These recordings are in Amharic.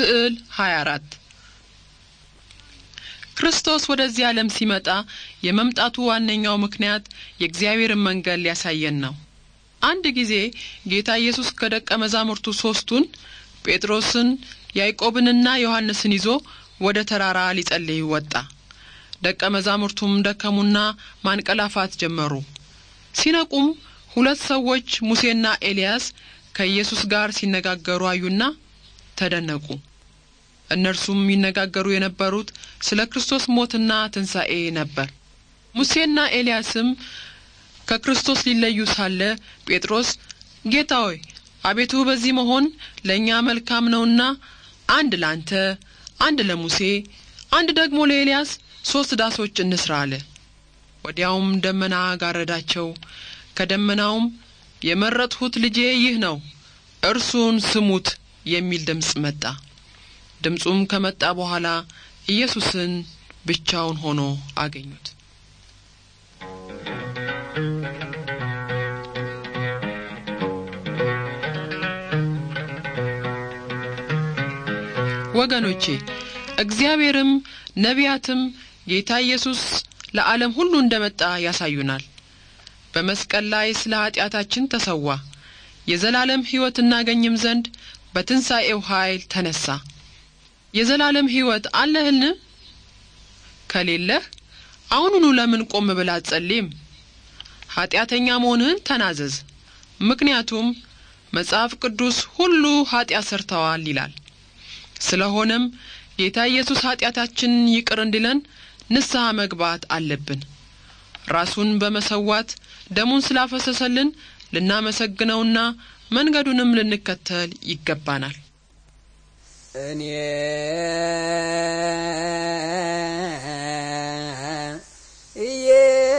ስዕል 24 ክርስቶስ ወደዚህ ዓለም ሲመጣ የመምጣቱ ዋነኛው ምክንያት የእግዚአብሔርን መንገድ ሊያሳየን ነው። አንድ ጊዜ ጌታ ኢየሱስ ከደቀ መዛሙርቱ ሦስቱን ጴጥሮስን፣ ያዕቆብንና ዮሐንስን ይዞ ወደ ተራራ ሊጸልይ ወጣ። ደቀ መዛሙርቱም ደከሙና ማንቀላፋት ጀመሩ። ሲነቁም ሁለት ሰዎች ሙሴና ኤልያስ ከኢየሱስ ጋር ሲነጋገሩ አዩና ተደነቁ። እነርሱም ይነጋገሩ የነበሩት ስለ ክርስቶስ ሞትና ትንሣኤ ነበር። ሙሴና ኤልያስም ከክርስቶስ ሊለዩ ሳለ ጴጥሮስ ጌታ ሆይ አቤቱ በዚህ መሆን ለእኛ መልካም ነውና አንድ ላንተ፣ አንድ ለሙሴ፣ አንድ ደግሞ ለኤልያስ ሦስት ዳሶች እንስራ አለ። ወዲያውም ደመና ጋረዳቸው። ከደመናውም የመረጥሁት ልጄ ይህ ነው፣ እርሱን ስሙት የሚል ድምፅ መጣ። ድምፁም ከመጣ በኋላ ኢየሱስን ብቻውን ሆኖ አገኙት። ወገኖቼ እግዚአብሔርም ነቢያትም ጌታ ኢየሱስ ለዓለም ሁሉ እንደ መጣ ያሳዩናል። በመስቀል ላይ ስለ ኀጢአታችን ተሰዋ፣ የዘላለም ሕይወት እናገኝም ዘንድ በትንሣኤው ኃይል ተነሣ። የዘላለም ሕይወት አለህን? ከሌለህ አሁኑኑ ለምን ቆም ብለህ አትጸልይም? ኃጢአተኛ መሆንህን ተናዘዝ፣ ምክንያቱም መጽሐፍ ቅዱስ ሁሉ ኃጢአት ሰርተዋል ይላል። ስለሆነም ጌታ ኢየሱስ ኃጢአታችንን ይቅር እንዲለን ንስሐ መግባት አለብን። ራሱን በመሰዋት ደሙን ስላፈሰሰልን ልናመሰግነውና መንገዱንም ልንከተል ይገባናል። እኔ ኢየሱስ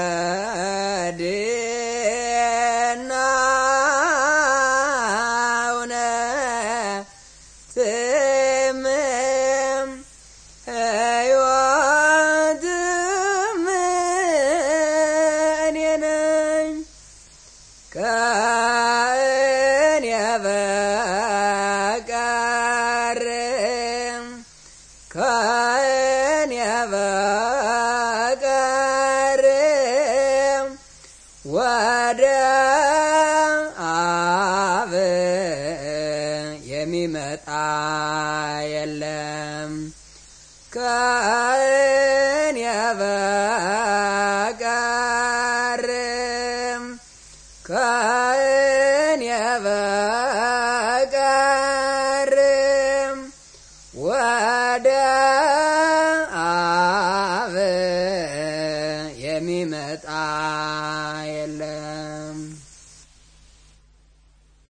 ወደ አብ የሚመጣ የለም ከእኔ በ